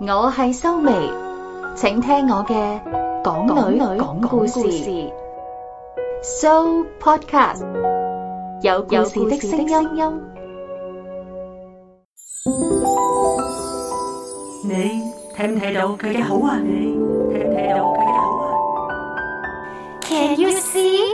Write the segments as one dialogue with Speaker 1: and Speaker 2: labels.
Speaker 1: 我係修眉，請聽我嘅港女講故事，So Podcast 有故事的聲音音，你睇唔睇到佢嘅口啊？你睇唔睇到佢嘅口啊？Can you see?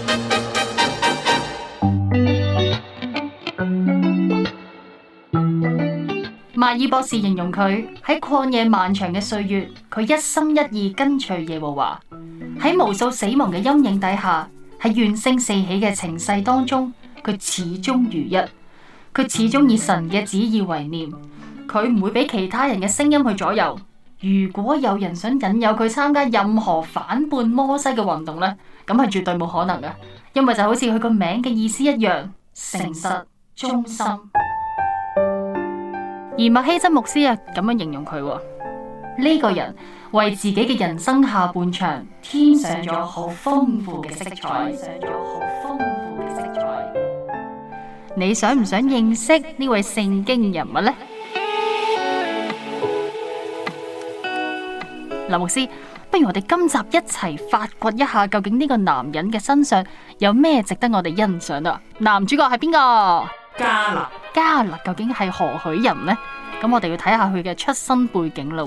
Speaker 1: 麥爾博士形容佢喺曠野漫長嘅歲月，佢一心一意跟隨耶和華；喺無數死亡嘅陰影底下，喺怨聲四起嘅情勢當中，佢始終如一。佢始終以神嘅旨意為念，佢唔會俾其他人嘅聲音去左右。如果有人想引誘佢參加任何反叛摩西嘅運動呢，咁係絕對冇可能嘅，因為就好似佢個名嘅意思一樣，誠實忠心。而麥希真牧師啊，咁樣形容佢呢，啊、個人為自己嘅人生下半場添上咗好豐富嘅色彩，上咗好豐富嘅色彩。你想唔想認識呢位聖經人物呢？ 林牧師，不如我哋今集一齊發掘一下，究竟呢個男人嘅身上有咩值得我哋欣賞啦，啊？男主角係邊個？加納。加勒究竟係何許人呢？咁我哋要睇下佢嘅出身背景啦。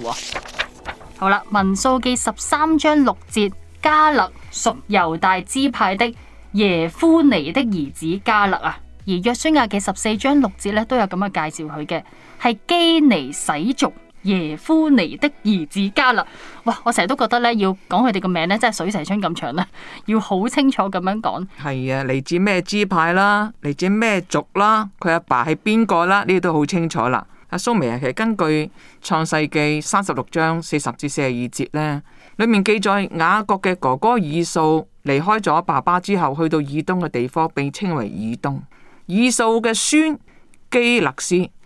Speaker 1: 好啦，《民數記》十三章六節，加勒屬猶大支派的耶夫尼的兒子加勒啊。而《約書亞記》十四章六節咧都有咁嘅介紹佢嘅，係基尼洗族。耶夫尼的兒子迦勒，哇！我成日都覺得咧，要講佢哋個名咧，真係水蛇春咁長啦，要好清楚咁樣講。
Speaker 2: 係啊，嚟自咩支派啦，嚟自咩族啦，佢阿爸係邊個啦？呢啲都好清楚啦。阿蘇眉啊，其實根據創世記三十六章四十至四十二節呢，裡面記載雅各嘅哥哥以掃離開咗爸爸之後，去到以東嘅地方，被稱為以東。以掃嘅孫基勒斯。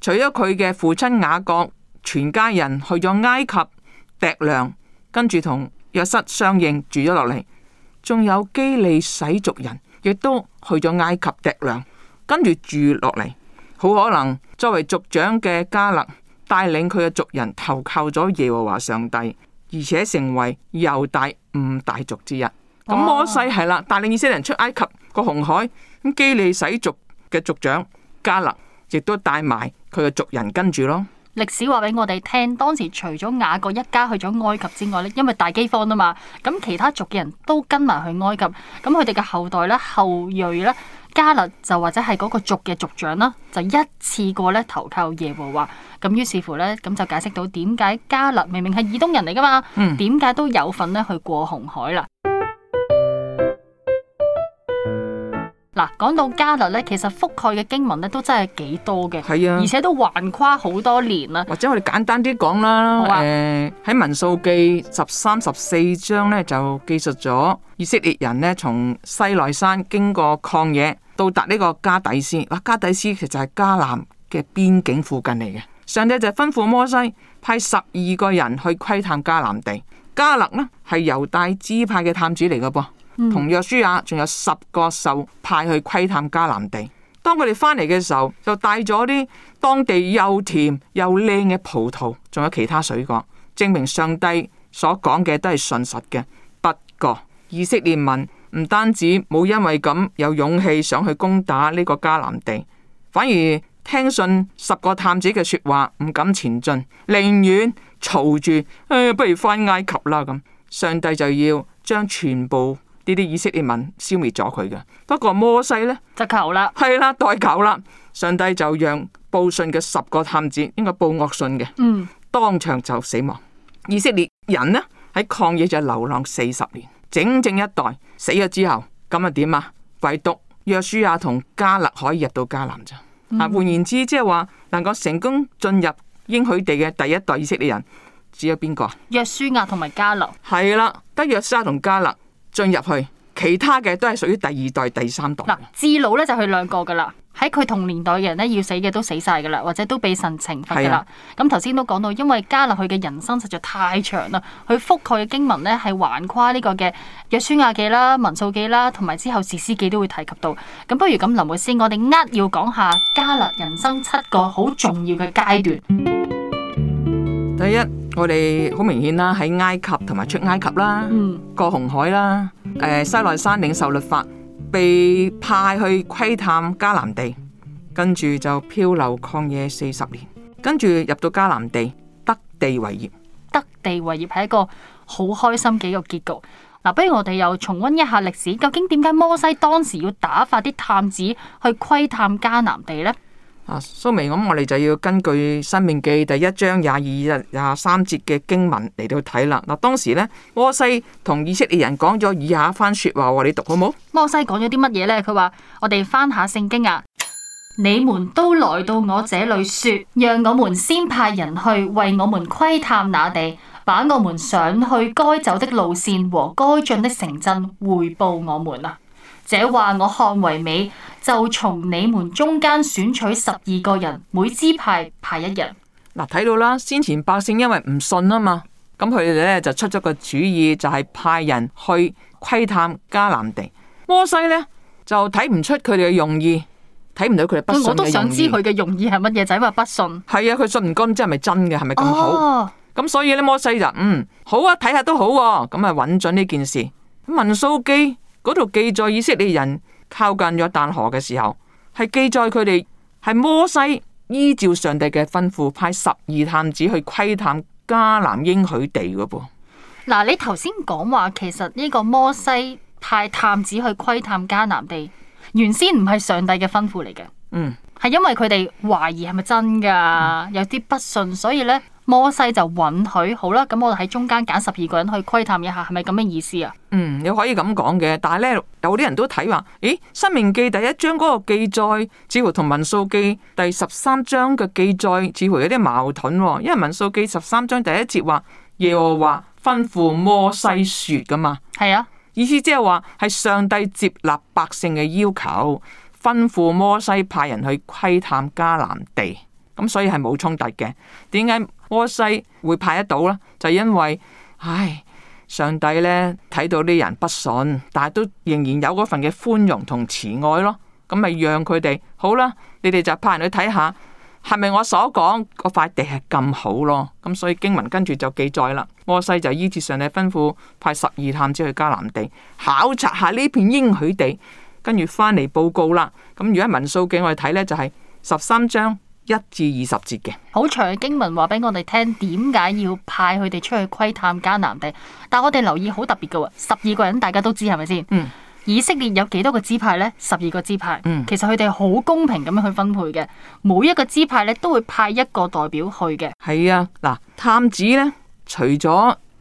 Speaker 2: 除咗佢嘅父親雅各，全家人去咗埃及，糴糧，跟住同約瑟相應住咗落嚟。仲有基利洗族人，亦都去咗埃及，糴糧，跟住住落嚟。好可能作為族長嘅加勒帶領佢嘅族人投靠咗耶和華上帝，而且成為猶大五大族之一。咁、啊、摩西係啦，帶領以色列人出埃及過紅海。咁基利洗族嘅族長加勒。亦都帶埋佢嘅族人跟住咯。
Speaker 1: 歷史話俾我哋聽，當時除咗雅各一家去咗埃及之外咧，因為大饑荒啊嘛，咁其他族嘅人都跟埋去埃及。咁佢哋嘅後代咧，後裔咧，加勒就或者係嗰個族嘅族長啦，就一次過咧投靠耶和華。咁於是乎咧，咁就解釋到點解加勒明明係以東人嚟㗎嘛，點解都有份咧去過紅海啦？嗱，講到迦勒咧，其實覆蓋嘅經文咧都真係幾多
Speaker 2: 嘅，啊、而且都橫跨好多年啦。或者我哋簡單啲講啦，誒喺民數記十三十四章咧就記述咗以色列人咧從西奈山經過曠野，到達呢個迦底斯。哇，迦底斯其實係迦南嘅邊境附近嚟嘅。上帝就吩咐摩西派十二個人去窺探迦南地，迦勒呢，係猶大支派嘅探子嚟嘅噃。同約書亞仲有十個受派去窺探迦南地。當佢哋返嚟嘅時候，就帶咗啲當地又甜又靚嘅葡萄，仲有其他水果，證明上帝所講嘅都係信實嘅。不過，以色列民唔單止冇因為咁有勇氣想去攻打呢個迦南地，反而聽信十個探子嘅説話，唔敢前進，寧願嘈住，哎不如返埃及啦咁。上帝就要將全部。呢啲以色列民消滅咗佢嘅。不過摩西呢，就求啦，係啦，代求啦，上帝就讓報信嘅十個探子，應該報惡信嘅，嗯，當場就死亡。以色列人呢喺曠野就流浪四十年，整整一代死咗之後，咁啊點啊？唯獨約書亞同加勒可以入到迦南咋。啊、嗯，換言之，即係話能夠成功進入應許地嘅第一代以色列人，只有邊個？約書亞同埋加勒。係啦，得約書亞同加勒。進入去，其他嘅都係屬於第二代、第三代。嗱，
Speaker 1: 智老咧就係兩個噶啦，喺佢同年代嘅人咧，要死嘅都死晒噶啦，或者都被神懲罰噶啦。咁頭先都講到，因為加勒佢嘅人生實在太長啦，佢覆蓋嘅經文咧係橫跨呢個嘅約書亞記啦、民數記啦，同埋之後士師記都會提及到。咁不如咁，林律師，我哋呃，要講下加勒人生七
Speaker 2: 個好重要嘅階段。第一。我哋好明顯啦，喺埃及同埋出埃及啦，嗯、過紅海啦，誒、呃，西奈山領受律法，被派去窺探迦南地，跟住就漂流曠野四十年，跟住入到迦南地得地為業，得地
Speaker 1: 為業係一個好開心嘅一個結局。嗱、啊，不如我哋又重温一下歷史，究竟點解摩西當時要打發啲探子去窺探迦南地呢？
Speaker 2: 啊，蘇眉，咁我哋就要根據《申命記》第一章廿二日廿三節嘅經文嚟到睇啦。嗱、啊，當時咧，摩西同以色列人講咗以下番說話，說，你哋讀好冇？
Speaker 1: 摩西講咗啲乜嘢呢？」佢話：我哋翻下聖經啊， 你們都來到我這裏說，讓我們先派人去為我們窺探那地，把我們想去該走的路線和該進的城鎮回報我們啊。這話我看為美，就從你們中間選取十二個人，
Speaker 2: 每支派派一人。嗱，睇到啦，先前百姓因為唔信啊嘛，咁佢哋咧就出咗個主意，就係、是、派人去窺探迦南地。摩西呢，就睇唔出佢哋嘅用意，睇唔到佢哋不信，嗯，我都想知佢嘅用意係乜嘢。仔，就，因，是、不信。係啊，佢信唔乾，唔知係咪真嘅，係咪咁好？咁，哦、所以呢，摩西人，嗯，好啊，睇下都好，咁啊，揾准呢件事。文蘇基。嗰度記載以色列人靠近咗約旦河嘅時候，係記載佢哋係摩西依照上帝嘅吩咐派十二探子去窺探迦南應許地嘅噃。
Speaker 1: 嗱，你頭先講話，其實呢個摩西派探子去窺探迦南地，原先唔係上帝嘅吩咐嚟嘅。嗯。係因為佢哋懷疑係咪真噶有啲不信，所以咧摩西就允許，好啦。咁我哋喺中間揀十二個人去窺探一下，係咪
Speaker 2: 咁嘅意思啊？嗯，你可以咁講嘅，但係咧有啲人都睇話，咦，申命記第一章嗰個記載，似乎同民數記第十三章嘅記載似乎有啲矛盾。哦。因為民數記十三章第一節話耶和華吩咐摩西說嘅嘛，係啊，意思即係話係上帝接納百姓嘅要求。吩咐摩西派人去窺探迦南地，咁所以係冇衝突嘅。點解摩西會派得到呢？就因為唉，上帝呢睇到啲人不信，但係都仍然有嗰份嘅寬容同慈愛咯。咁咪讓佢哋好啦，你哋就派人去睇下，係咪我所講嗰塊地係咁好咯？咁所以經文跟住就記載啦。摩西就依照上帝吩咐，派十二探子去迦南地考察下呢片應許地。跟住翻嚟報告啦。咁如果喺民數記我哋睇呢就係十三章一至二十節嘅，
Speaker 1: 好長嘅經文，話俾我哋聽點解要派佢哋出去窺探迦南地。但我哋留意好特別嘅，十二個人大家都知係咪先？嗯。以色列有幾多個支派呢？十二個支派。其實佢哋好公平咁樣去分配嘅，每一個支派呢都會派一個代表去嘅。
Speaker 2: 係啊，嗱，探子呢，除咗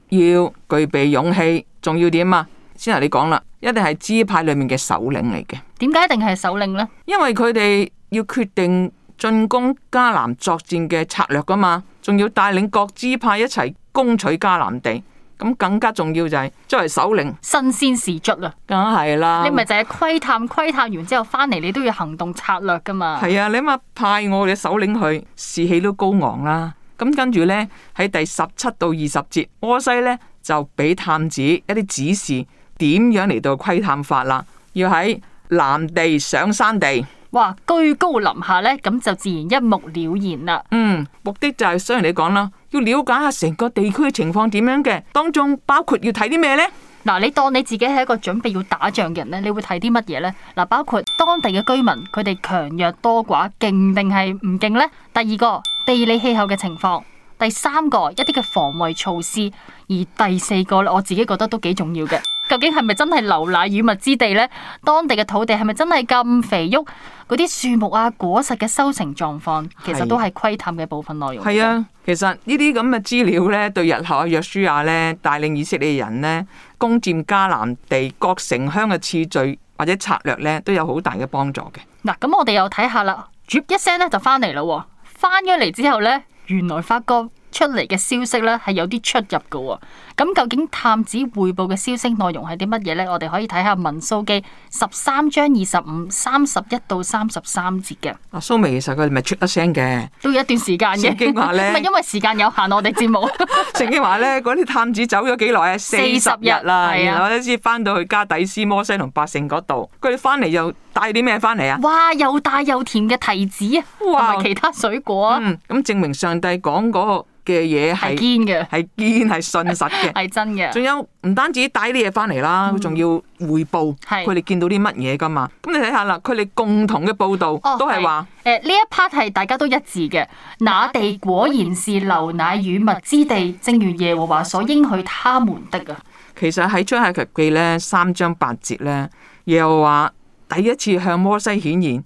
Speaker 2: 要具備勇氣，仲要點啊？先係你講啦，一定係支派裏面嘅首領嚟嘅。點解一定係首領呢？因為佢哋要決定進攻迦南作戰嘅策略噶嘛，仲要帶領各支派一齊攻取迦南地。咁更加重要就係作為首領，身先士卒啦，梗係啦。你咪係就
Speaker 1: 係窺探，窺探完之後翻嚟，你都要行動策略噶嘛。係
Speaker 2: 啊，你起碼派我嘅首領去，士氣都高昂啦。咁跟住呢，喺第十七到二十節，摩西呢，就俾探子一啲指示。點樣嚟到窺探法啦？要喺南地上山地，哇，居高臨下呢，咁就自然一目了然啦。嗯，目的就係想同你講啦，要了解下成個地區嘅情況點樣嘅，當中包括要睇啲咩呢？嗱、嗯，你當你自己係一個準備要打仗嘅人呢，你會
Speaker 1: 睇啲乜嘢呢？嗱，包括當地嘅居民，佢哋強弱多寡，勁定係唔勁呢？第二個，地理氣候嘅情況，第三個，一啲嘅防衛措施，而第四個，我自己覺得都幾重要嘅。究竟係咪真係流奶與蜜之地呢？當地嘅土地係咪真係咁肥沃？嗰啲樹木啊、果實嘅收成狀況，其實都係窺探嘅部分內容。係啊，
Speaker 2: 其實呢啲咁嘅資料呢，對日後嘅約書亞呢，帶領以色列人呢，攻占迦南地各城鄉嘅次序或者策略呢，都有好大嘅幫助嘅。
Speaker 1: 嗱，咁我哋又睇下啦，
Speaker 2: j 一聲呢，就翻嚟啦，
Speaker 1: 翻咗嚟之後呢，原來發覺出嚟嘅消息呢，係有啲出入嘅。咁究竟探子匯報嘅消息內容係啲乜嘢咧？我哋可以睇下民數、啊《民數記》十三章二十五三十一到三十三節嘅。
Speaker 2: 阿蘇眉其實佢咪出一聲嘅，都
Speaker 1: 有一段時間嘅。正經話咧，唔係因為時間有限，我哋節目 正經話呢。正經話咧，嗰啲探
Speaker 2: 子走咗幾耐啊？四十日啦，然後咧先翻到去加底斯摩西同百姓嗰度。佢哋翻嚟又帶啲咩翻嚟啊？哇！又大又甜嘅提子啊，唔哇其他水果啊。嗯，咁證明上帝講嗰個嘅嘢係堅嘅，係堅係信實嘅。係真嘅，仲有唔單止帶啲嘢翻嚟啦，佢仲、嗯、要匯報，佢哋見到啲乜嘢噶嘛？咁是你睇下啦，佢哋共同嘅報道、哦、都係話，
Speaker 1: 誒呢、呃、一 part 係大家都一致嘅，那地果然是流奶與蜜之地，正如耶和華所應許他們的
Speaker 2: 啊。其實喺《出埃及記》咧，三章八節咧，耶和華第一次向摩西顯現，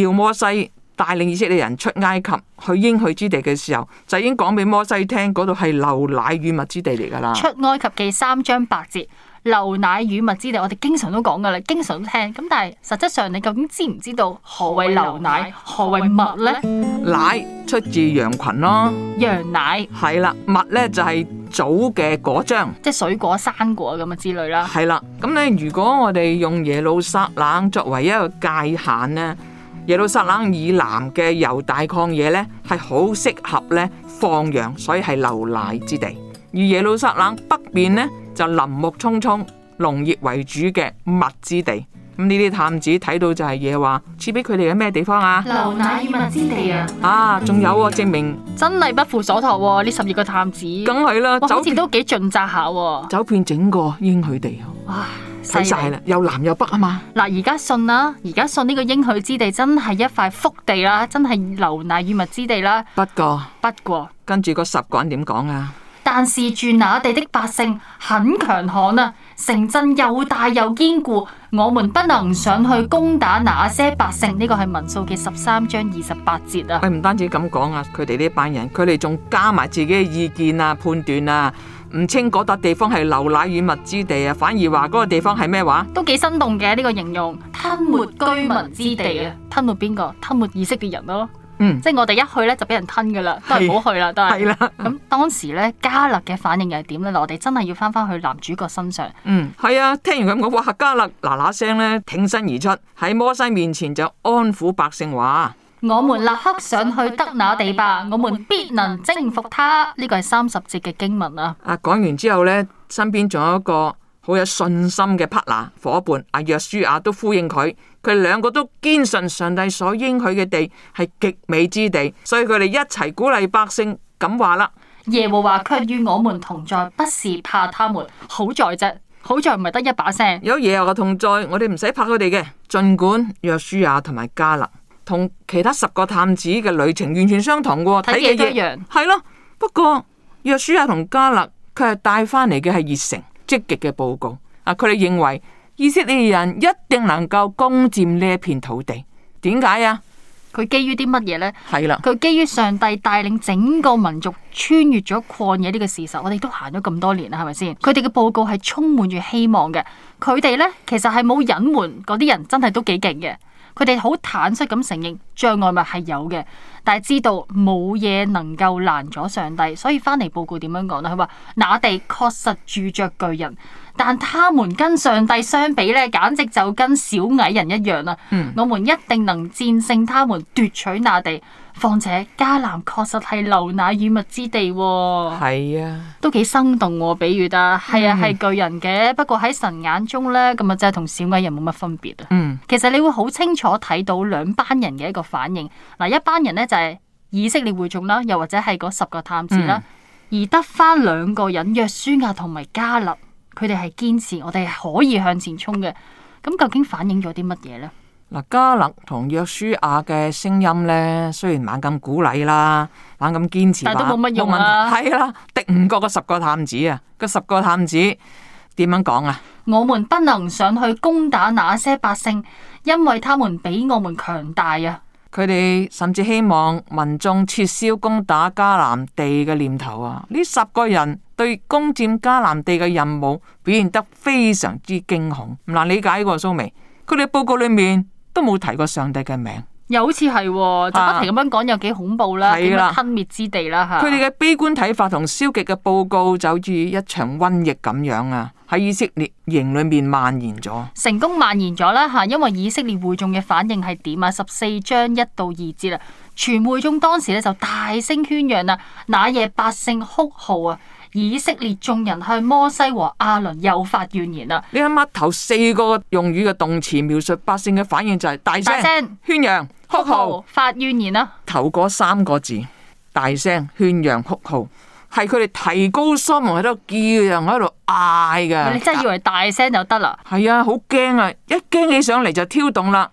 Speaker 2: 要摩西。帶領以色列人出埃及去應許之地嘅時候，就已經講俾摩西聽，嗰度係流奶與蜜之地嚟噶啦。出
Speaker 1: 埃及記三章八節，流奶與蜜之地，我哋經常都講噶啦，經常都聽。咁但係實質上你究竟知唔知道何謂流
Speaker 2: 奶，何謂蜜呢？奶」呢奶出自羊群咯，羊奶係啦。蜜呢就係棗嘅果漿，即係水果、生果咁，啊之類啦。係啦，咁你如果我哋用耶路撒冷作為一個界限呢。耶路撒冷以南嘅猶大曠野咧，係好適合咧放羊，所以係流奶之地；而耶路撒冷北面呢，就林木蔥蔥、農業為主嘅蜜之地。咁呢啲探子睇到就係嘢話賜俾佢哋嘅咩地方啊？流奶與蜜之地
Speaker 1: 啊！啊，仲有啊，證明
Speaker 2: 真係不負所託喎！呢十二個探子，梗係啦，哇走遍都幾盡責下、啊，走遍整個應許地啊！哇睇晒啦，的又南又北啊嘛！
Speaker 1: 嗱，而家信啦，而家信呢個應許之地真係一塊福地啦，真係流奶與蜜之地啦。
Speaker 2: 不過，不過，跟住嗰十個人點講啊？
Speaker 1: 但是住那地的百姓很強悍啊，城鎮又大又堅固，我們不能上去攻打那些百姓。呢個係民數嘅十三章二十八節啊。佢唔
Speaker 2: 單止咁講啊，佢哋呢班人，佢哋仲加埋自己嘅意見啊，判斷啊。唔清嗰笪地方係流奶與蜜之地啊，反而話嗰個地方係咩話？都幾生動嘅呢、這個
Speaker 1: 形容吞沒居民之地啊，吞沒邊個？吞沒意識嘅人咯、哦，嗯，即係我哋一去咧就俾人吞噶啦，是都係唔好去啦，都係咁。的 當時咧加勒嘅反應又係點咧？我哋真係要翻翻去男主角身上，
Speaker 2: 嗯，係啊。聽完佢咁講，哇！加勒嗱嗱聲咧挺身而出喺摩西面前就安撫百姓話。
Speaker 1: 我們立刻上去得那地吧，我們必能征服他。呢個係三十節嘅經文啊。
Speaker 2: 阿講、啊、完之後呢，身邊仲有一個好有信心嘅 partner 伙伴，阿約書亞都呼應佢，佢哋兩個都堅信上帝所應許嘅地係極美之地，所以佢哋一齊鼓勵百姓咁話啦。耶和華卻與我們同在，不是怕他們。好在啫，好在唔係得一把聲，有耶和華同在，我哋唔使怕佢哋嘅。儘管約書亞同埋加勒。同其他十個探子嘅旅程完全相同嘅喎，睇嘢一樣。係咯，不過約書亞同加勒佢係帶翻嚟嘅係熱誠積極嘅報告。啊，佢哋認為以色列人一定能夠攻佔呢一片土地。點解啊？佢基於啲乜嘢呢？係啦的，
Speaker 1: 佢基於上帝帶領整個民族穿越咗曠野呢個事實。我哋都行咗咁多年啦，係咪先？佢哋嘅報告係充滿住希望嘅。佢哋呢，其實係冇隱瞞，嗰啲人真係都幾勁嘅。佢哋好坦率咁承認障礙物係有嘅，但係知道冇嘢能夠攔阻上帝，所以翻嚟報告點樣講咧？佢話，那地確實住着巨人，但係他們跟上帝相比呢，簡直就跟小矮人一樣啦、啊。嗯、我們一定能戰勝他們，奪取那地。況且迦南確實係流奶與蜜之地，係啊，啊都幾生動、啊。比喻，得係啊，係巨人嘅，不過喺神眼中咧，咁啊真係同小矮人冇乜分別啊。嗯，其實你會好清楚睇到兩班人嘅一個反應。嗱、啊，一班人咧就係、是、以色列會眾啦，又或者係嗰十個探子啦，嗯、而得翻兩個人約書亞同埋迦勒，佢哋係堅持我哋可以向前衝嘅。咁究竟反映咗啲乜嘢咧？
Speaker 2: 嗱，加勒同約書亞嘅聲音呢，雖然猛咁鼓勵啦，猛咁堅持啦，但都冇乜用啊，係啦，敵唔過個十個探子啊。個十個探子點樣講啊？
Speaker 1: 我們不能上去攻打那些百姓，因為他們比我們強大啊。
Speaker 2: 佢哋甚至希望民眾撤銷攻打迦南地嘅念頭啊。呢十個人對攻佔迦南地嘅任務表現得非常之驚恐，唔難理解喎，啊，蘇眉。佢哋報告裏面。都冇提過上帝嘅名，
Speaker 1: 又好似係，就不停咁樣講，有幾恐怖啦，係啦，吞滅之地啦吓？佢哋嘅
Speaker 2: 悲觀睇法同消極嘅報告，就好似一場瘟疫咁樣啊，喺以色列營裏面蔓延咗，
Speaker 1: 成功蔓延咗啦吓，因為以色列會眾嘅反應係點啊？十四章一到二節啊，全會眾當時咧就大聲喧嚷啊，那夜百姓哭號啊！以色列眾人向摩西和阿倫又發怨言啦，
Speaker 2: 啊！你睇下頭四個用語嘅動詞描述百姓嘅反應就係大、大聲、宣揚、啊、哭號、發怨言啦。頭嗰三個字大聲、宣揚、哭號，係佢哋提高嗓門喺度叫啊，喺度嗌噶。你真係以為大聲就得啦？係啊，好驚啊，啊！一驚起上嚟就挑動啦。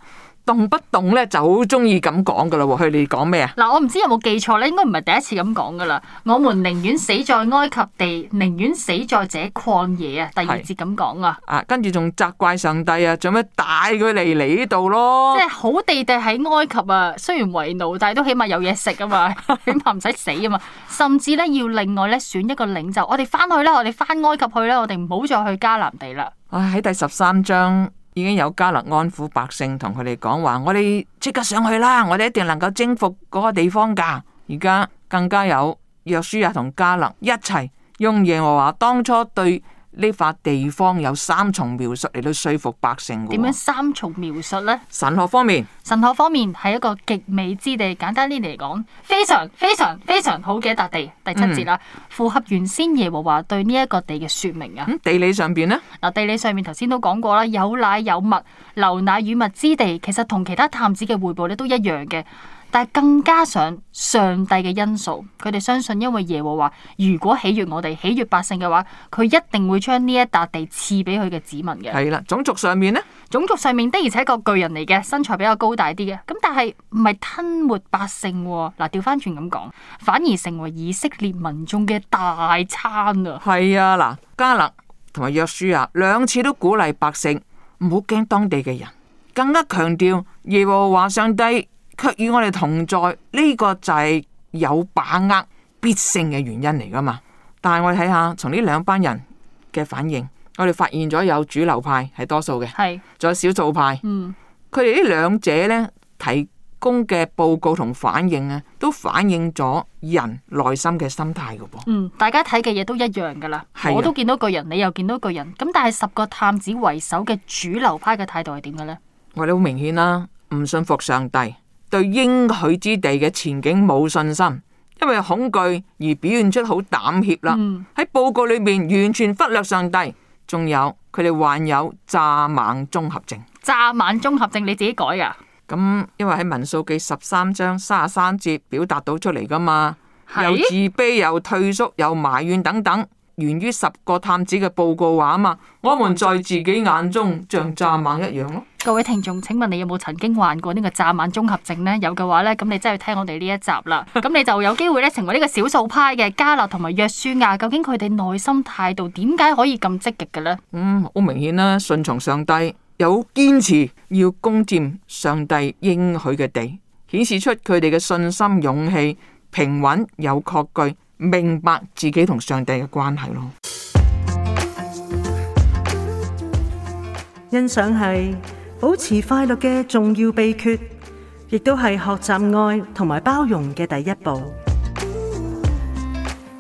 Speaker 2: 動不動咧就好中意咁講噶啦喎，佢哋講咩啊？
Speaker 1: 嗱，我唔知有冇記錯咧，應該唔係第一次咁講噶啦。我們寧願死在埃及地，寧願死在這曠野啊！第二節咁講啊。啊，跟住仲責怪上帝啊，
Speaker 2: 做咩帶
Speaker 1: 佢嚟，嚟呢度咯？即係好地地喺埃及啊，雖然為奴，但係都起碼有嘢食啊嘛， 起碼唔使死啊嘛。甚至咧要另外咧選一個領袖，我哋翻去啦，我哋翻埃及去啦，我哋唔好再去迦南地啦。
Speaker 2: 啊，喺第十三章。已經有加勒安撫百姓，同佢哋講話：我哋即刻上去啦！我哋一定能夠征服嗰個地方噶而家更加有約書亞同加勒一齊用耶和華當初對。呢塊地方有三重描述嚟到，說服百姓。點樣
Speaker 1: 三重描述呢？
Speaker 2: 神學方面，
Speaker 1: 神學方面係一個極美之地。簡單啲嚟講，非常非常非常好嘅一笪地。第七節啦，符、嗯、合原先耶和華對呢一個地嘅說明啊、嗯。地理上邊呢，嗱，地理上面頭先都講過啦，有奶有蜜，流奶與蜜之地，其實同其他探子嘅匯報咧都一樣嘅。但係更加上上帝嘅因素，佢哋相信因為耶和華如果喜悦我哋，喜悦百姓嘅話，佢一定會將呢一笪地賜俾佢嘅子民嘅。係啦，
Speaker 2: 種族上面呢？種
Speaker 1: 族上面的而且個巨人嚟嘅，身材比較高大啲嘅。咁但係唔係吞沒百姓，嗱，掉翻轉咁講，反而成為以色列民眾嘅大餐啊！係啊，
Speaker 2: 嗱，迦勒同埋約書亞，兩次都鼓勵百姓唔好驚當地嘅人，更加強調耶和華上帝，卻與我哋同在，呢、這個就係有把握必勝嘅原因嚟噶嘛？但係我哋睇下從呢兩班人嘅反應，我哋發現咗有主流派係多數嘅，係仲是有少數派。佢哋，嗯、呢兩者咧提供嘅報告同反應啊，都反映咗人內心嘅心態噶喎。嗯，
Speaker 1: 大家睇嘅嘢都一樣噶啦，的我都見到個人，你又見到個人咁，但係十個探子為首嘅主流派嘅態度係點嘅呢？
Speaker 2: 我哋好明顯啦，啊，唔信服上帝。對應許之地嘅前景冇信心，因為恐懼而表現出好膽怯啦。喺、嗯、報告裏面完全忽略上帝，仲有佢哋患有蚱蜢綜合症。蚱蜢綜合症你自己改噶？咁因為喺民數記十三章三十三節表達到出嚟噶嘛，是又自卑又退縮又埋怨等等，源於十個探子嘅報告話啊嘛。我們在自己眼中像蚱蜢一樣咯。
Speaker 1: 各位聽眾，請問你有冇曾經患過呢個蚱蜢綜合症咧？有嘅話咧，咁你真係聽我哋呢一集啦。咁你就有機會咧，成為呢個少數派嘅加勒同埋約書亞。究竟佢哋內心態
Speaker 2: 度點解可以咁積極嘅咧？嗯，好明顯啦，順從上帝，有堅持要攻佔上帝應許嘅地，顯示出佢哋嘅信心、勇氣、平穩、有確據，明白自己同上帝嘅關係咯。欣賞係。
Speaker 1: 保持快樂嘅重要秘訣，亦都係學習愛同埋包容嘅第一步。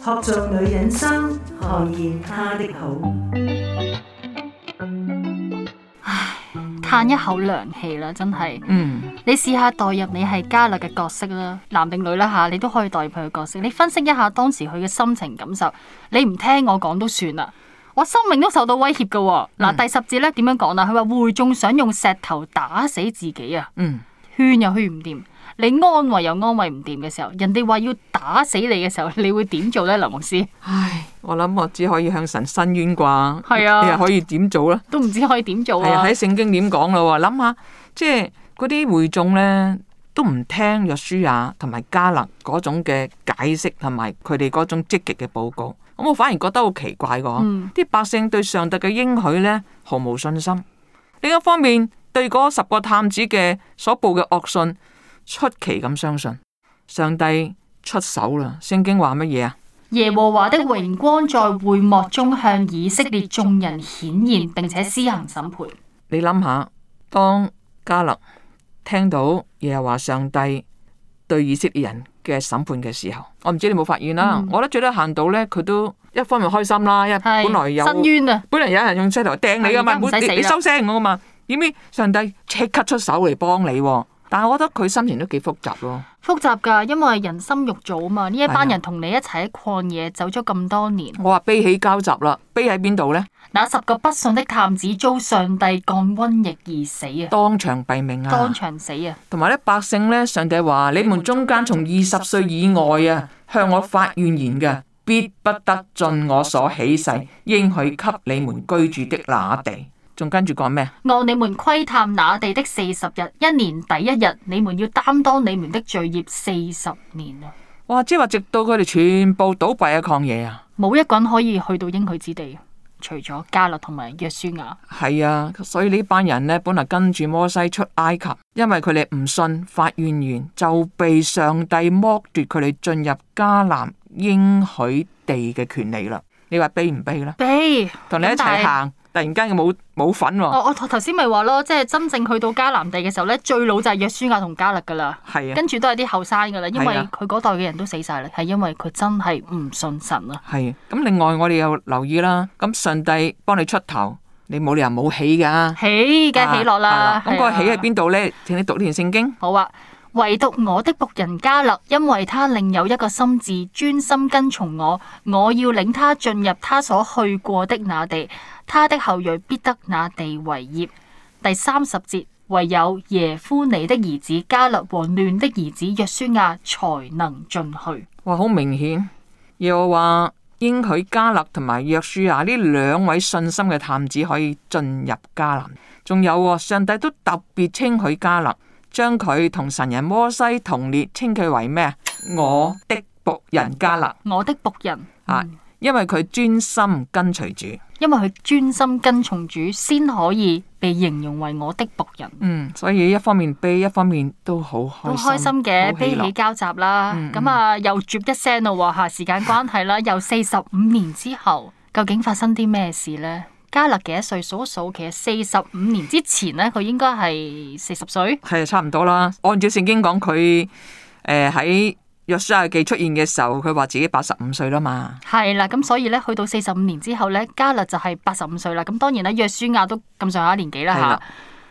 Speaker 1: 學習女人生，看見她的好。 唉，嘆一口涼氣啦，真係。嗯。 你試下代入你係嘉樂嘅角色啦，男定女啦嚇，你都可以代入佢嘅角色，你分析一下當時佢嘅心情感受。你唔聽我講都算啦。我生命都受到威脅噶、哦，嗱、啊、第十節咧點樣講呀？佢話會眾想用石頭打死自己啊，嗯、勸又勸唔掂，你安慰又安慰唔掂嘅時候，
Speaker 2: 人哋話要打死你嘅時候，你會點做咧？林牧師，唉，我諗我只可以向神申冤啩。係啊，你又可以點做咧？都唔知可以點做啊？係啊，喺聖經點講咯？諗下，即係嗰啲會眾咧都唔聽約書亞同埋加勒嗰種嘅解釋，同埋佢哋嗰種積極嘅報告。我反而覺得好奇怪噶、啊、啲、嗯、百姓對上帝嘅應許呢，毫無信心。另一方面，對嗰十個探子嘅所報嘅惡訊出奇咁相信。上帝出手啦！聖經話乜嘢啊？
Speaker 1: 耶和華的榮光在會幕中向以色列眾人顯現，並且施行審判。
Speaker 2: 你諗下，當迦勒聽到耶和華上帝對以色列人，嘅審判嘅時候，我唔知你冇發現啦。嗯、我覺得最多行到咧，佢都一方面開心啦，因為本來有，冤啊、本來有人用車頭掟你噶嘛，唔你，你收聲我噶嘛，點知上帝即刻出手嚟幫你。但係我覺得佢心情都幾複雜咯、哦，
Speaker 1: 複雜㗎，因為人心肉做啊嘛，呢一班人同你一齊喺曠野走咗咁多年。
Speaker 2: 我話悲喜交集啦，悲喺邊度呢？那十個不信的探子遭上帝降瘟疫而死啊！當場斃命啊！當場死啊！同埋咧百姓咧，上帝話：你們中間從二十歲以外啊，向我發怨言嘅，必不得進我所起誓，應許給你們居住的那地。仲跟住講咩？
Speaker 1: 按、哦、你們窺探那地的四十日，一年第一日，你們要擔當你們的罪孽四十年啊！
Speaker 2: 哇，即係話直到佢哋全部倒閉一抗嘢啊！
Speaker 1: 冇一個人可以去到應許之地，除咗迦勒同埋約書亞。
Speaker 2: 係啊，所以呢班人呢，本來跟住摩西出埃及，因為佢哋唔信發怨言，就被上帝剝奪佢哋進入迦南應許地嘅權利啦。你話悲唔悲啦？悲，同你一齊行。突然間嘅冇冇份喎？我我
Speaker 1: 頭頭先咪話咯，即係真正去到迦南地嘅時候咧，最老就係約書亞同迦勒噶啦，係啊，跟住都係啲後生噶啦，因為佢嗰代嘅人都死晒啦，係因為佢真係唔信神啊。
Speaker 2: 係啊，咁另外我哋又留意啦，咁上帝幫你出頭，你冇理由冇起噶，起
Speaker 1: 梗係起落啦。咁個起喺
Speaker 2: 邊度咧？請你讀呢段聖經。好啊。唯獨我的僕人加勒，因為
Speaker 1: 他另有一個心志，專心跟從我。我要領他進入他所去過的那地，他的後裔必得那地為業。第三十節，唯有耶夫尼的兒子加勒和嫩的兒子約書亞才能進去。
Speaker 2: 哇，好明顯，又話應許加勒同埋約書亞呢兩位信心嘅探子可以進入迦南。仲有上帝都特別稱許加勒。將佢同神人摩西同列，稱佢為咩啊？我的僕人迦勒，我的僕人啊，因為佢專心跟隨主，
Speaker 1: 因為佢專心跟從主，先可以被形容為我的僕人。嗯，
Speaker 2: 所以一方面悲，一方面都好開心，都開心嘅悲喜
Speaker 1: 交集啦。咁、嗯、啊，又接一聲咯，吓時間關係啦，又四十五年之後， 究竟發生啲咩事呢？加勒幾多歲？數一數，其實四十五年之前咧，佢應該係
Speaker 2: 四十歲，係差唔多啦。按照聖經講，佢誒喺約書亞記出現嘅時候，佢話自己八十五歲啦嘛。
Speaker 1: 係啦，咁、嗯、所以咧，去到四十五年之後咧，加勒就係八十五歲啦。咁、嗯、當然啦，約書亞都咁上下年紀啦吓。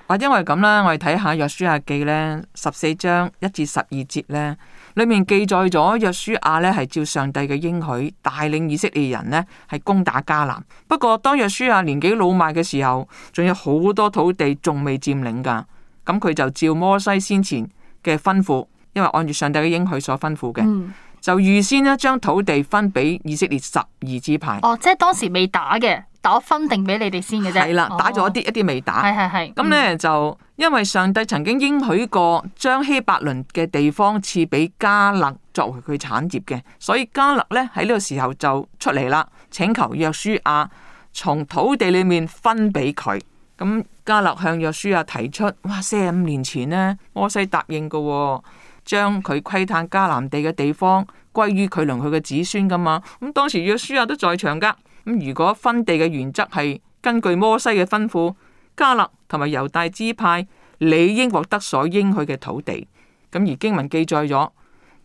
Speaker 2: 或者我係咁啦，我哋睇下約書亞記咧十四章一至十二節咧。裏面記載咗約書亞咧係照上帝嘅應許帶領以色列人咧係攻打迦南。不過當約書亞年紀老邁嘅時候，仲有好多土地仲未佔領噶。咁佢就照摩西先前嘅吩咐，因為按住上帝嘅應許所吩咐嘅，嗯、就預先咧將土地分俾以色列十二支派。哦，
Speaker 1: 即係當時未打嘅。打分定俾你
Speaker 2: 哋先嘅啫，係啦，打咗啲一啲未、哦、打，係係係，咁咧、嗯、就因為上帝曾經應許過將希伯倫嘅地方賜俾加勒作為佢產業嘅，所以加勒咧喺呢個時候就出嚟啦，請求約書亞從土地裏面分俾佢。咁加勒向約書亞提出：哇，四十五年前呢，摩西答應噶，將佢窺探迦南地嘅地方歸於佢同佢嘅子孫噶嘛。咁當時約書亞都在場噶。如果分地嘅原則係根據摩西嘅吩咐，迦勒同埋猶大支派理應獲得所應許嘅土地。咁而經文記載咗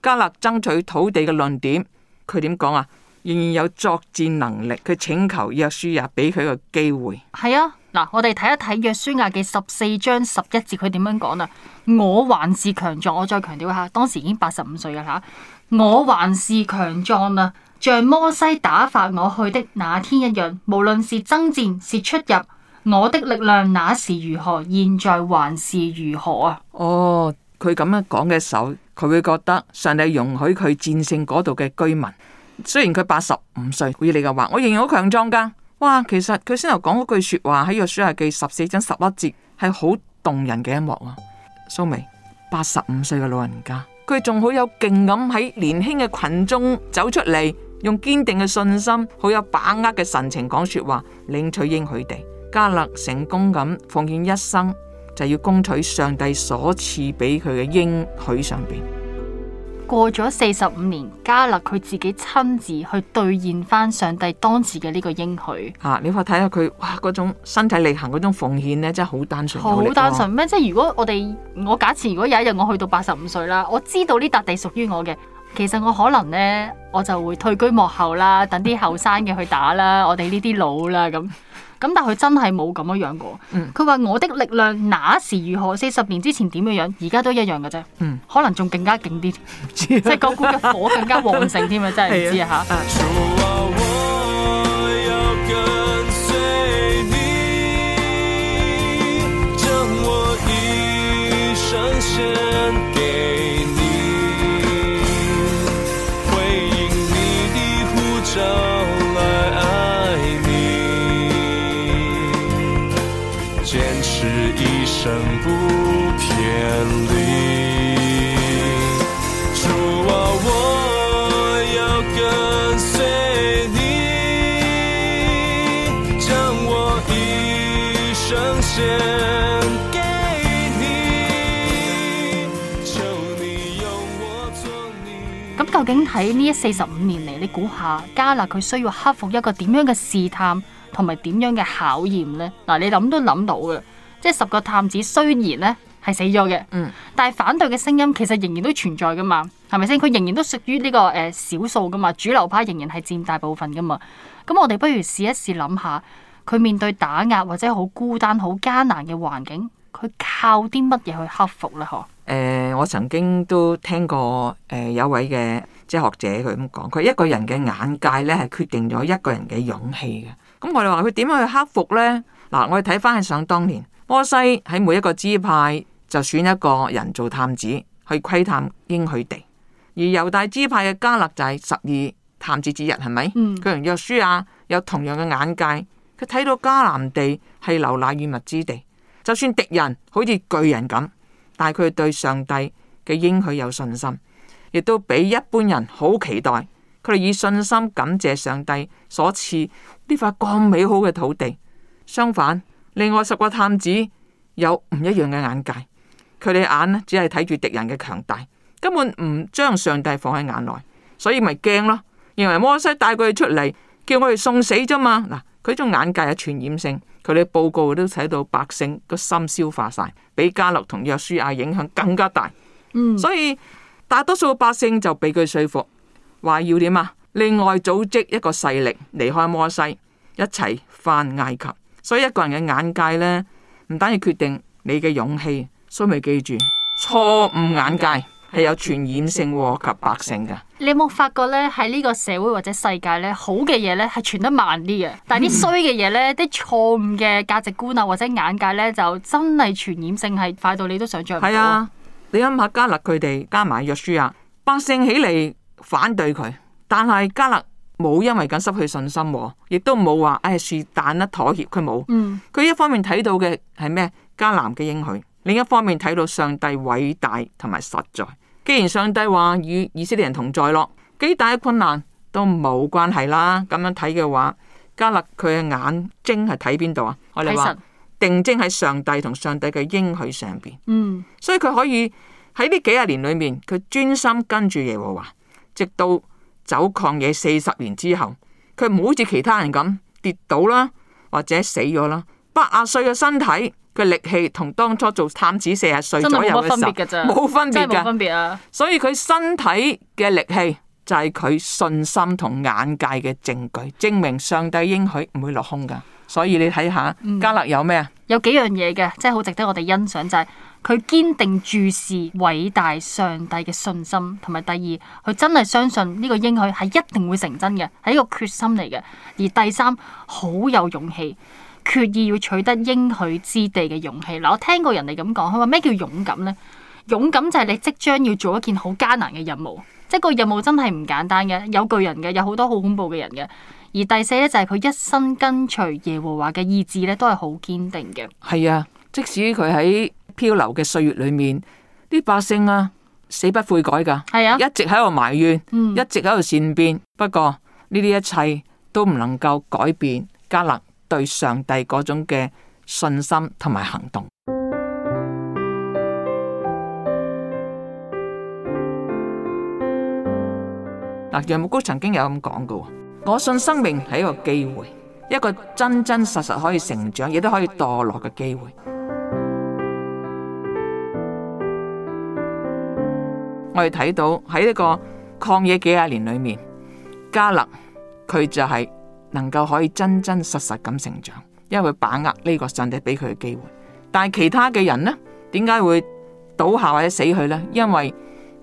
Speaker 2: 迦勒爭取土地嘅論點，佢點講啊？仍然有作戰能力，佢請求約書亞俾佢個機會。
Speaker 1: 係啊，嗱，我哋睇一睇約書亞記十四章十一節，佢點樣講啊？我還是強壯，我再強調下，當時已經八十五歲噶吓，我還是強壯啊。像摩西打發我去的那天一樣，無論是爭戰是出入，我的力量那時如何，現在還
Speaker 2: 是如何啊？哦，佢咁樣講嘅時候，佢會覺得上帝容許佢戰勝嗰度嘅居民。雖然佢八十五歲，以你嘅話，我仍然好強壯噶。哇，其實佢先頭講嗰句說話喺《約書亞記》十四章十一節係好動人嘅一幕啊！蘇眉，八十五歲嘅老人家，佢仲好有勁咁喺年輕嘅群眾走出嚟。用堅定嘅信心，好有把握嘅神情講說話，領取應許地。加勒成功咁奉獻一生，就要攻取上帝所賜俾佢嘅應許上邊。
Speaker 1: 過咗四十五年，加勒佢自己親自去兌現翻上帝當時嘅呢個應許。
Speaker 2: 吓，啊，你可睇下佢，哇，嗰種身體力行嗰種奉獻咧，真係好單純，好單純
Speaker 1: 咩？哦，即係如果我哋，我假設如果有一日我去到八十五歲啦，我知道呢笪地屬於我嘅。其實我可能咧，我就會退居幕後啦，等啲後生嘅去打啦，我哋呢啲老啦咁。咁但係佢真係冇咁樣樣過，佢話我的力量那時如何，四十年之前點樣，而家都一樣㗎啫。嗯，可能仲更加勁啲，即係嗰股嘅火更加旺盛添啊！真係唔知啊吓。究竟喺呢一四十五年嚟，你估下加勒，佢需要克服一個點樣嘅試探同埋點樣嘅考驗呢？嗱、啊，你諗都諗到嘅，即係十個探子雖然呢係死咗嘅。嗯、但係反對嘅聲音其實仍然都存在噶嘛，係咪先？佢仍然都屬於呢、這個誒少數噶嘛，主流派仍然係佔大部分噶嘛。咁我哋不如試一試諗下，佢面對打壓或者好孤單、好艱難嘅環境，佢靠啲乜嘢去克服呢？嗬？
Speaker 2: 誒、呃，我曾經都聽過誒、呃、有位嘅即係學者佢咁講，佢一個人嘅眼界咧係決定咗一個人嘅勇氣嘅。咁我哋話佢點去克服呢？嗱，我哋睇翻喺想當年摩西喺每一個支派就選一個人做探子去窺探應許地，而猶大支派嘅加勒就係十二探子之一，係咪？嗯，譬如約書亞有，有同樣嘅眼界，佢睇到迦南地係流奶與蜜之地，就算敵人好似巨人咁。但係佢哋對上帝嘅應許有信心，亦都比一般人好期待。佢哋以信心感謝上帝所賜呢塊咁美好嘅土地。相反，另外十個探子有唔一樣嘅眼界，佢哋眼呢只係睇住敵人嘅強大，根本唔將上帝放喺眼內，所以咪驚咯，認為摩西帶佢哋出嚟，叫佢哋送死咋嘛？嗱，佢種眼界有傳染性。佢哋報告都睇到百姓個心消化晒，比加勒同約書亞影響更加大。嗯，所以大多數百姓就俾佢説服，話要點啊？另外組織一個勢力離開摩西，一齊翻埃及。所以一個人嘅眼界呢，唔單止決定你嘅勇氣，所以咪記住錯誤眼界係有傳染性禍及百姓㗎。
Speaker 1: 你有冇發覺呢？喺呢個社會或者世界呢，好嘅嘢呢係傳得慢啲嘅，但係啲衰嘅嘢呢，啲錯誤嘅價值觀啊或者眼界呢，就真係傳染性係快到你都想象唔到。係啊，
Speaker 2: 你諗下加勒佢哋加埋約書亞，啊，百姓起嚟反對佢，但係加勒冇因為咁失去信心，亦都冇話誒是但得妥協，佢冇。佢，嗯，一方面睇到嘅係咩？加南嘅應許，另一方面睇到上帝偉大同埋實在。既然上帝話與以色列人同在咯，幾大嘅困難都冇關係啦。咁樣睇嘅話，加勒佢嘅眼睛係睇邊度啊？神我哋話定睛喺上帝同上帝嘅應許上邊。嗯，所以佢可以喺呢幾十年裏面，佢專心跟住耶和華，直到走曠野四十年之後，佢唔好似其他人咁跌倒啦，或者死咗啦，八啊歲嘅身體。佢力氣同當初做探子四十歲左右嘅時候冇分別，分別真係冇分別啊！所以佢身體嘅力氣就係佢信心同眼界嘅證據，證明上帝應許唔會落空噶。所以你睇下、嗯、加勒有咩啊？有幾樣嘢嘅，即係好值得我哋欣賞，就係
Speaker 1: 佢堅定注視偉大上帝嘅信心，同埋第二佢真係相信呢個應許係一定會成真嘅，係一個決心嚟嘅，而第三好有勇氣。決意要取得應許之地嘅勇氣。嗱，我聽過人哋咁講，佢話咩叫勇敢呢？勇敢就係你即將要做一件好艱難嘅任務，即係個任務真係唔簡單嘅，有巨人嘅，有好多好恐怖嘅人嘅。而第四咧就係佢一生跟隨耶和華嘅意志咧，都係好堅定嘅。
Speaker 2: 係啊，即使佢喺漂流嘅歲月裏面，啲百姓啊死不悔改㗎，係啊，一直喺度埋怨，一直喺度善變。不過呢啲一切都唔能夠改變加勒。對上帝嗰種嘅信心同埋行動。嗱，楊牧谷曾經有咁講過，我信生命係一個機會，一個真真實實可以成長，亦都可以墮落嘅機會。我哋睇到喺呢個曠野幾廿年裏面，迦南佢就係、是。能夠可以真真實實咁成長，因為把握呢個上帝俾佢嘅機會。但係其他嘅人呢，點解會倒下或者死去呢？因為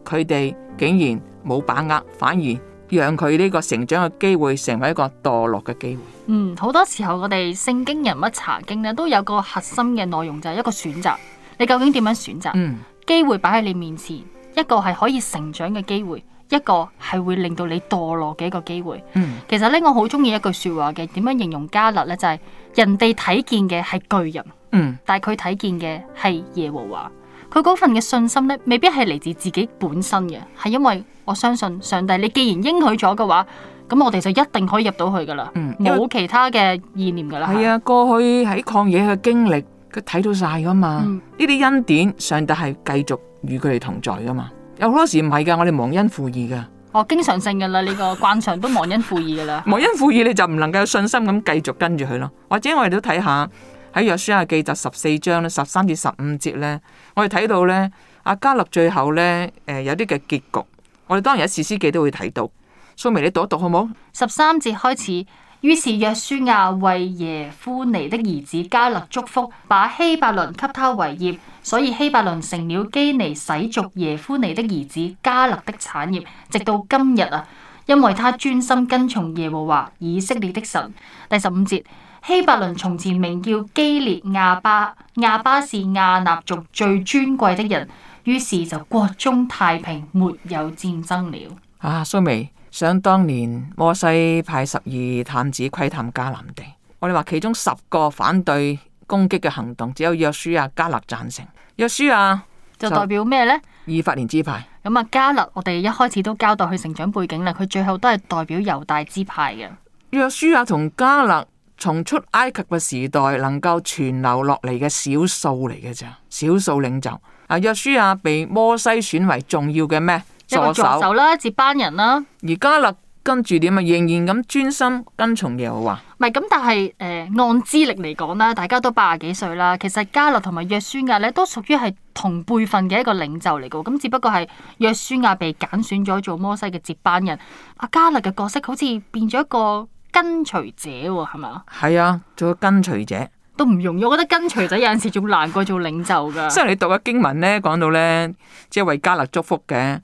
Speaker 2: 佢哋竟然冇把握，反而讓佢呢個成長嘅機會成為一個墮落嘅機會。
Speaker 1: 嗯，好多時候我哋聖經人物查經咧，都有個核心嘅內容就係一個選擇，你究竟點樣選擇？嗯，機會擺喺你面前，一個係可以成長嘅機會。一個係會令到你墮落嘅一個機會。嗯、其實咧，我好中意一句說話嘅，點樣形容加勒咧，就係、是、人哋睇見嘅係巨人，嗯、但係佢睇見嘅係耶和華。佢嗰份嘅信心咧，未必係嚟自自己本身嘅，係因為我相信上帝。你既然應許咗嘅話，咁我哋就一定可以入到去噶啦，冇、嗯、其他嘅意念噶啦。係、嗯、啊，啊
Speaker 2: 過去喺曠野嘅經歷，佢睇到晒噶嘛。呢啲、嗯、恩典，上帝係繼續與佢哋同在噶嘛。有好多時唔係噶，我哋忘恩負義噶。
Speaker 1: 哦，經常性噶啦，呢個慣常都忘恩負義噶啦。
Speaker 2: 忘恩負義，你就唔能夠有信心咁繼續跟住佢咯。或者我哋都睇下喺《約書亞記》第十四章咧，十三至十五節咧，我哋睇到咧，阿迦勒最後咧，誒、呃、有啲嘅結局。我哋當然喺士師記都會睇到。蘇眉，你讀一讀好冇？十三節開始。於是約書亞
Speaker 1: 為耶夫尼的兒子加勒祝福，把希伯倫給他為業，所以希伯倫成了基尼洗族耶夫尼的兒子加勒的產業，直到今日啊，因為他專心跟從耶和華以色列的神。第十五節，希伯倫從前名叫基列亞巴，亞巴是亞衲族最尊貴的人，於是就國中太平，沒有戰爭了。
Speaker 2: 啊，蘇美。想當年摩西派十二探子窺探迦南地，我哋話其中十個反對攻擊嘅行動，只有約書亞、加勒贊成。約書亞就代表咩呢？以法蓮支派。
Speaker 1: 咁啊，加勒我哋一開始都交代佢成長背景啦，佢最後都係代表猶大支派嘅。
Speaker 2: 約書亞同加勒從出埃及嘅時代能夠存留落嚟嘅少數嚟嘅咋？少數領袖啊，約書亞被摩西選為重要嘅咩？個助手啦，接班人啦。而加勒跟住點啊？仍然咁專心跟從耶和華。
Speaker 1: 唔係咁，但係誒、呃，按資歷嚟講啦，大家都八十幾歲啦。其實加勒同埋約書亞咧，都屬於係同輩份嘅一個領袖嚟噶。咁只不過係約書亞被揀選咗做摩西嘅接班人，阿加勒嘅角色好似變咗一個跟隨者，係咪啊？
Speaker 2: 係啊，做個跟隨者都唔容易。我覺得跟隨者有陣時仲難過做領袖噶。即係 你讀咗經文咧，講到咧，即係為加勒祝福嘅。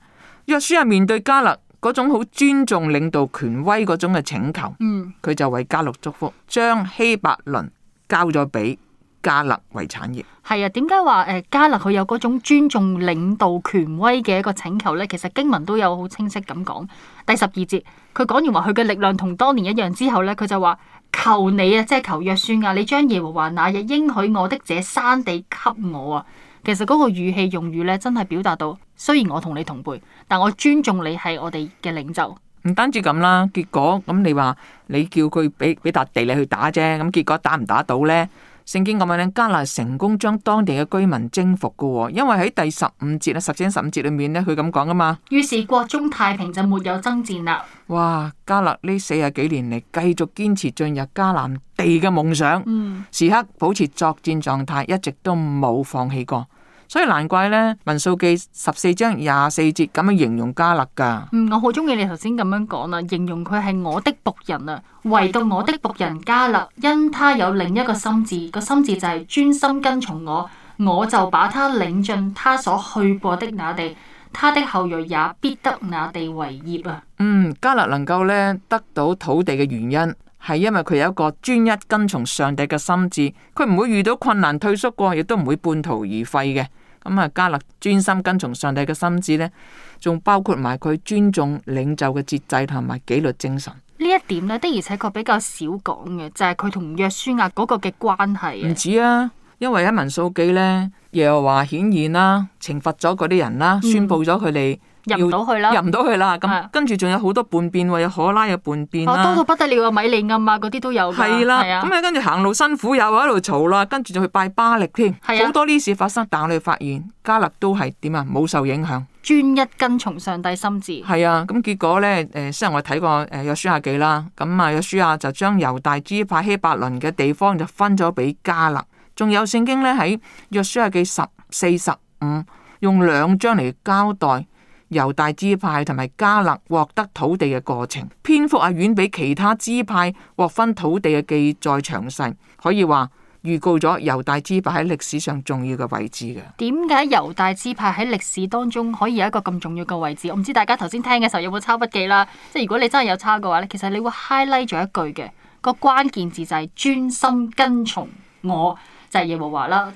Speaker 2: 約書亞面對加勒嗰種好尊重領導權威嗰種嘅請求，佢、嗯、就為加勒祝福，將希伯倫交咗俾加勒為產業。
Speaker 1: 係啊，點解話誒加勒佢有嗰種尊重領導權威嘅一個請求咧？其實經文都有好清晰咁講，第十二節佢講完話佢嘅力量同當年一樣之後咧，佢就話求你啊，即係求約書啊，你將耶和華那日應許我的這山地給我啊！其實嗰個語氣用語咧，真係表達到。雖然我同你同輩，但我尊重你係我哋嘅
Speaker 2: 領袖。唔單止咁啦，結果咁你話你叫佢俾俾笪地你去打啫，咁結果打唔打到咧？聖經講緊加勒成功將當地嘅居民征服噶，因為喺第十五節咧，十四十五節裏面呢，佢咁講噶嘛。
Speaker 1: 於是國中太平就沒有爭戰啦。
Speaker 2: 哇，加勒呢四十幾年嚟繼續堅持進入迦南地嘅夢想，嗯、時刻保持作戰狀態，一直都冇放棄過。所以難怪呢，《民數記》十四章廿四節咁樣形容加勒噶。嗯，我好中
Speaker 1: 意你頭先咁樣講啦，形容佢係我的僕人啊，唯獨我的僕人加勒，因他有另一個心志，個心志就係專心跟從我，我就把他領進他所去過的那地，他的後裔也必得那地為業啊。
Speaker 2: 嗯，加勒能夠咧得到土地嘅原因，係因為佢有一個專一跟從上帝嘅心志，佢唔會遇到困難退縮過，亦都唔會半途而廢嘅。咁啊，加勒專心跟從上帝嘅心智呢，呢仲包括埋佢尊重領袖嘅節制同埋紀律精神。
Speaker 1: 呢一點呢的而且確比較少講嘅，就係佢同
Speaker 2: 約書亞嗰個嘅關係。唔止啊，因為民數記呢，耶和華顯現啦，懲罰咗嗰啲人啦、啊，宣布咗佢哋。入唔到去啦，入唔到去啦。咁跟住仲有好多叛變喎，有可拉有叛變多到
Speaker 1: 不得了啊！米利暗啊，嗰啲都有係啦。咁
Speaker 2: 啊，跟住行路辛苦又喺度嘈啦，跟住就去拜巴力添，好多呢事發生。但係你發現加勒都係點啊？冇受影響，專一跟從上帝心智。係啊。咁結果咧，誒，雖然我睇過《誒約書亞記》啦，咁啊，約書亞就將猶大支派希伯倫嘅地方就分咗俾加勒，仲有聖經咧喺《約書亞記》十四十五用兩章嚟交代。猶大支派同埋加勒獲得土地嘅過程，篇幅係遠比其他支派獲分土地嘅記載詳細，可以話預告咗猶大支派喺歷史上重要嘅位置嘅。
Speaker 1: 點解猶大支派喺歷史當中可以有一個咁重要嘅位置？我唔知大家頭先聽嘅時候有冇抄筆記啦，即係如果你真係有抄嘅話咧，其實你會 highlight 咗一句嘅個關鍵字就係專心跟從我，就係、是、耶和華啦。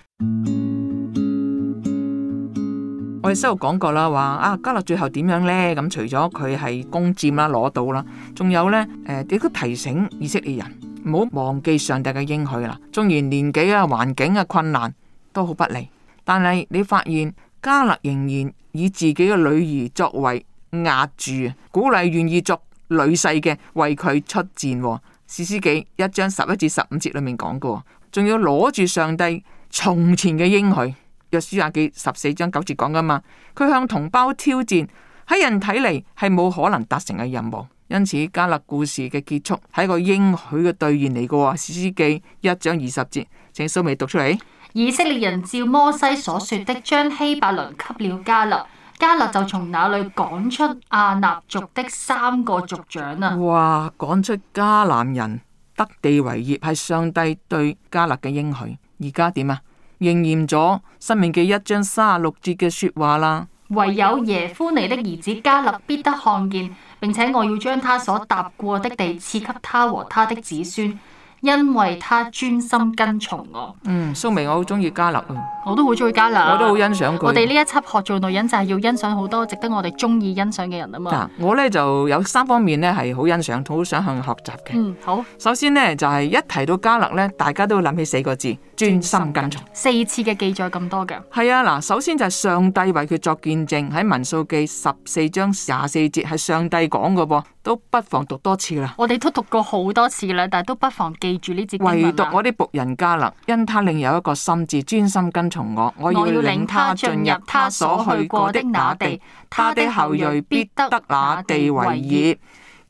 Speaker 2: 我哋喺度講過啦，話啊加勒最後點樣呢？咁、嗯、除咗佢係攻占啦、攞到啦，仲有呢，誒、呃，亦都提醒以色列人唔好忘記上帝嘅應許啦。縱然年紀啊、環境啊、困難都好不利，但係你發現加勒仍然以自己嘅女兒作為壓住，鼓勵願意作女婿嘅為佢出戰、哦。士師記一章十一至十五節裏面講過，仲要攞住上帝從前嘅應許。約書亞記十四章九節講噶嘛，佢向同胞挑戰，喺人睇嚟係冇可能達成嘅任務，因此迦勒故事嘅結束係一個應許嘅兌現嚟嘅、哦。士師記一章二十節，請蘇美讀出嚟。
Speaker 1: 以色列人照摩西所說的，將希伯倫給了迦勒，迦勒就從那裏趕出亞衲族的
Speaker 2: 三個族長啊！哇，趕出迦南人得地為業，係上帝對迦勒嘅應許。而家點啊？應驗咗失明嘅一章三十六節嘅說話啦，
Speaker 1: 唯有耶夫尼的兒子迦勒必得看見，並且我要將他所踏過的地賜給他和他的子孫。因為他專心跟從我、
Speaker 2: 啊。嗯，蘇眉，我好中意加勒，
Speaker 1: 我都好中意加勒。我都好欣
Speaker 2: 賞佢。我哋呢一
Speaker 1: 輯學做女人，就係要欣賞好多值得我哋中意欣賞嘅人嘛，啊嘛。
Speaker 2: 我呢就有三方面呢係好欣賞、好想向佢學習嘅、嗯。好。首先呢就係、是、一提到加勒呢，大家都會諗起四個字：專心跟從。跟四次嘅記載咁多嘅。係啊，嗱，首先就係上帝為佢作見證，喺民數記十四章廿四節係上帝講嘅噃，都不妨讀多次啦。
Speaker 1: 我哋都讀過好多次啦，但係都不妨記。唯獨
Speaker 2: 我啲僕人迦勒，因他另有一個心志，專心跟從我，我要領他進入他所去過的那地，他的後裔必得那地為業。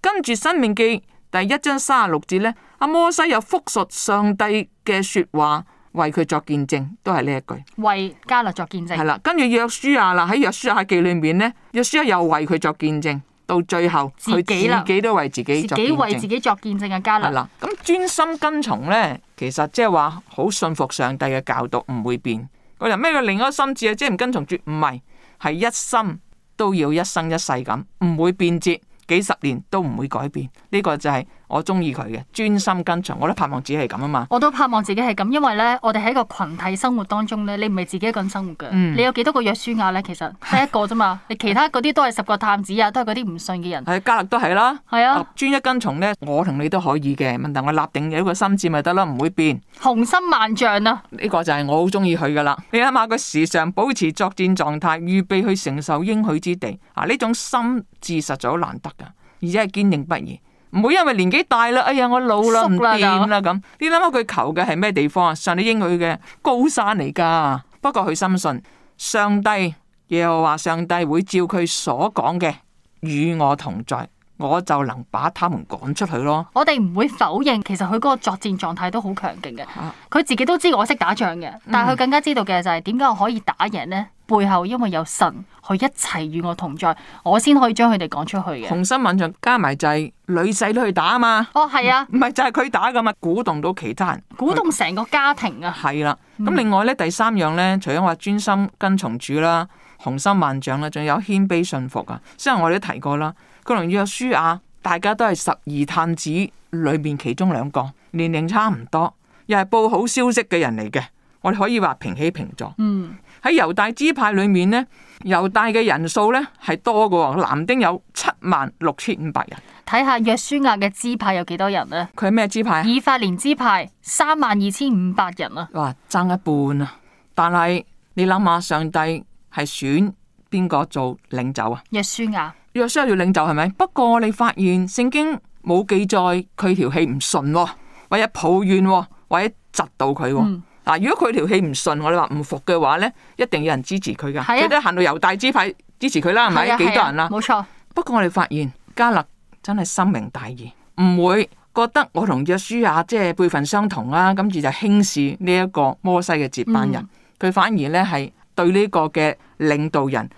Speaker 2: 跟住《申命記》第一章三十六節呢，阿摩西又複述上帝嘅說話為佢作見證，都係呢一句，
Speaker 1: 為迦勒作見證。係
Speaker 2: 啦，跟住、啊《約書亞、啊》啦，喺《約書亞》喺記裏面咧，《約書亞、啊》又為佢作見證。到最後，佢自，自己都為自己自己為自己作見證嘅交流咁專心跟從呢，其實即係話好信服上帝嘅教導唔會變。個人咩？個另一個心智，啊，即係唔跟從絕唔係，係一心都要一生一世咁，唔會變節，幾十年都唔會改變。呢、這個就係、是。我中意佢嘅專心跟從，我都盼望自己係咁啊嘛！我
Speaker 1: 都盼望自己係咁，因為呢，我哋喺個群體生活當中呢，你唔係自己一個人生活噶，嗯、你有幾多個約書亞、啊、呢？其實得一個啫嘛， 你其他嗰啲都係十個探子啊，都係嗰啲唔信嘅人。係
Speaker 2: 加勒都係啦，係啊，專、啊、一跟從呢，我同你都可以嘅。問題我立定咗個心智咪得咯，唔會變。雄心萬丈啊！呢個就係我好中意佢噶啦。你諗下佢時常保持作戰狀態，預備去承受應許之地啊！呢種心志實在好難得噶，而且係堅定不移。唔會因為年紀大啦，哎呀我老啦，唔掂啦，咁。你諗下佢求嘅係咩地方啊？上帝應許嘅高山嚟噶，不過佢深信上帝，耶和華上帝會照佢所講嘅與我同在，我就能把他們趕出去咯。
Speaker 1: 我哋唔會否認，其實佢嗰個作戰狀態都好強勁嘅。佢、啊、自己都知道我識打仗嘅，但係佢更加知道嘅就係點解我可以打贏呢？背後因為有神，佢一齊與我同在，我先可以將佢哋講出去嘅。雄心
Speaker 2: 萬丈加埋就係，女仔都去打啊嘛！哦，係啊，唔係就係佢打噶嘛，鼓動到其他人，鼓動成個家庭啊！係啦、啊、咁、嗯、另外咧，第三樣咧，除咗話專心跟從主啦，雄心萬丈啦，仲有謙卑信服啊！雖然我哋都提過啦，佢同約書亞啊，大家都係十二探子裏面其中兩個，年齡差唔多，又係報好消息嘅人嚟嘅。我哋可以話平起平坐。嗯，喺猶大支派裏面咧，猶大嘅人數咧係多嘅，南丁有七萬六千五百人。
Speaker 1: 睇下約書亞嘅支派有幾多人咧？佢係咩支派？以法蓮支派三萬二千五百人啊！哇，
Speaker 2: 爭一半啊！但係你諗下，上帝係選邊個做領袖啊？約書亞。約書亞要領袖係咪？不過我哋發現聖經冇記載佢條氣唔順，或者抱怨、啊，或者窒到佢。嗯嗱，如果佢條氣唔順，我哋話唔服嘅話呢，一定有人支持佢㗎，佢都、啊、行到猶大支派支持佢啦，係咪？幾、啊、多人啦？冇、啊啊、錯。不過我哋發現加勒真係深明大義，唔會覺得我同約書亞即係輩份相同啦、啊，跟住就輕視呢一個摩西嘅接班人。佢、嗯、反而呢係對呢個嘅領導人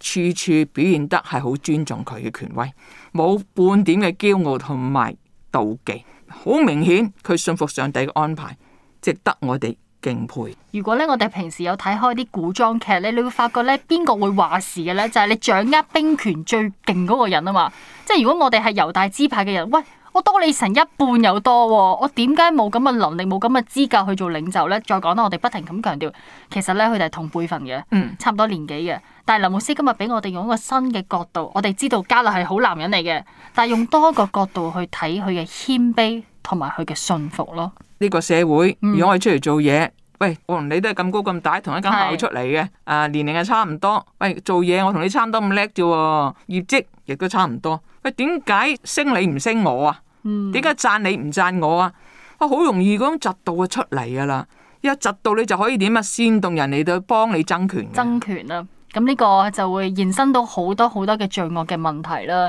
Speaker 2: 處處表現得係好尊重佢嘅權威，冇半點嘅驕傲同埋妒忌。好明顯，佢信服上帝嘅安排，值得我哋。敬佩。
Speaker 1: 如果咧，我哋平時有睇開啲古裝劇咧，你會發覺咧，邊個會話事嘅咧？就係你掌握兵權最勁嗰個人啊嘛。即係如果我哋係猶大支派嘅人，喂，我多你成一半又多，我點解冇咁嘅能力、冇咁嘅資格去做領袖咧？再講啦，我哋不停咁強調，其實咧佢哋係同輩份嘅，嗯，差唔多年紀嘅。但係林牧師今日俾我哋用一個新嘅角度，我哋知道加勒係好男人嚟嘅，但係用多個角度去睇佢嘅謙卑同埋佢嘅信服咯。
Speaker 2: 呢個社會，如果我哋出嚟做嘢，嗯、喂，我同你都係咁高咁大，同一間校出嚟嘅。是啊，年齡係差唔多，喂，做嘢我同你差唔多咁叻啫喎，業績亦都差唔多，喂，點解升你唔升我啊？點解、嗯、讚你唔讚我啊？啊，好容易嗰種嫉妒啊出嚟噶啦，一嫉到你就可以點啊，煽動人嚟到幫你爭權，爭
Speaker 1: 權啦、啊，咁呢個就會延伸到好多好多嘅罪惡嘅問題啦。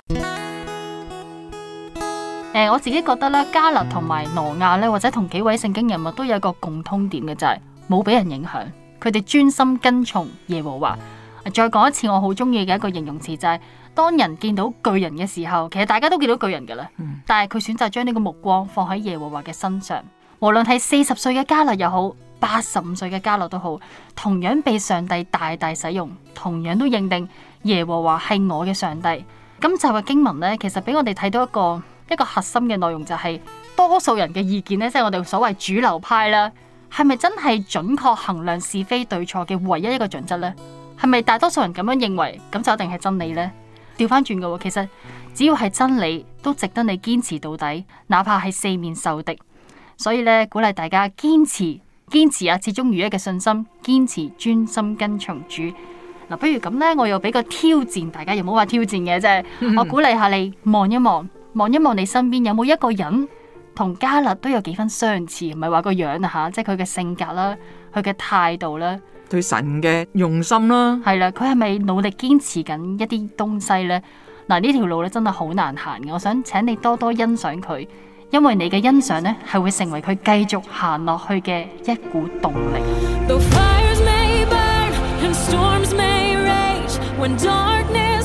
Speaker 1: 誒，我自己覺得咧，加勒同埋挪亞咧，或者同幾位聖經人物都有一個共通點嘅就係冇俾人影響，佢哋專心跟從耶和華。再講一次，我好中意嘅一個形容詞就係、是、當人見到巨人嘅時候，其實大家都見到巨人噶啦，但係佢選擇將呢個目光放喺耶和華嘅身上。無論係四十歲嘅加勒又好，八十五歲嘅加勒都好，同樣被上帝大大使用，同樣都認定耶和華係我嘅上帝。今集嘅經文咧，其實俾我哋睇到一個。一個核心嘅內容就係、是、多數人嘅意見呢，即、就、係、是、我哋所謂主流派啦，係咪真係準確衡量是非對錯嘅唯一一個準則呢？係咪大多數人咁樣認為咁就一定係真理呢？調翻轉嘅，其實只要係真理，都值得你堅持到底，哪怕係四面受敵。所以咧，鼓勵大家堅持，堅持啊，始終如一嘅信心，堅持專心跟從主。嗱、啊，不如咁呢，我又俾個挑戰，大家又冇話挑戰嘅啫，我鼓勵下你望一望。望一望你身邊有冇一個人同加勒都有幾分相似，唔係話個樣啊吓，即係佢嘅性格啦，佢嘅態度啦，
Speaker 2: 對神嘅用心
Speaker 1: 啦，係啦，佢係咪努力堅持緊一啲東西呢？嗱，啊，呢條路咧，真係好難行嘅，我想請你多多欣賞佢，因為你嘅欣賞呢係會成為佢繼續行落去嘅一股動力。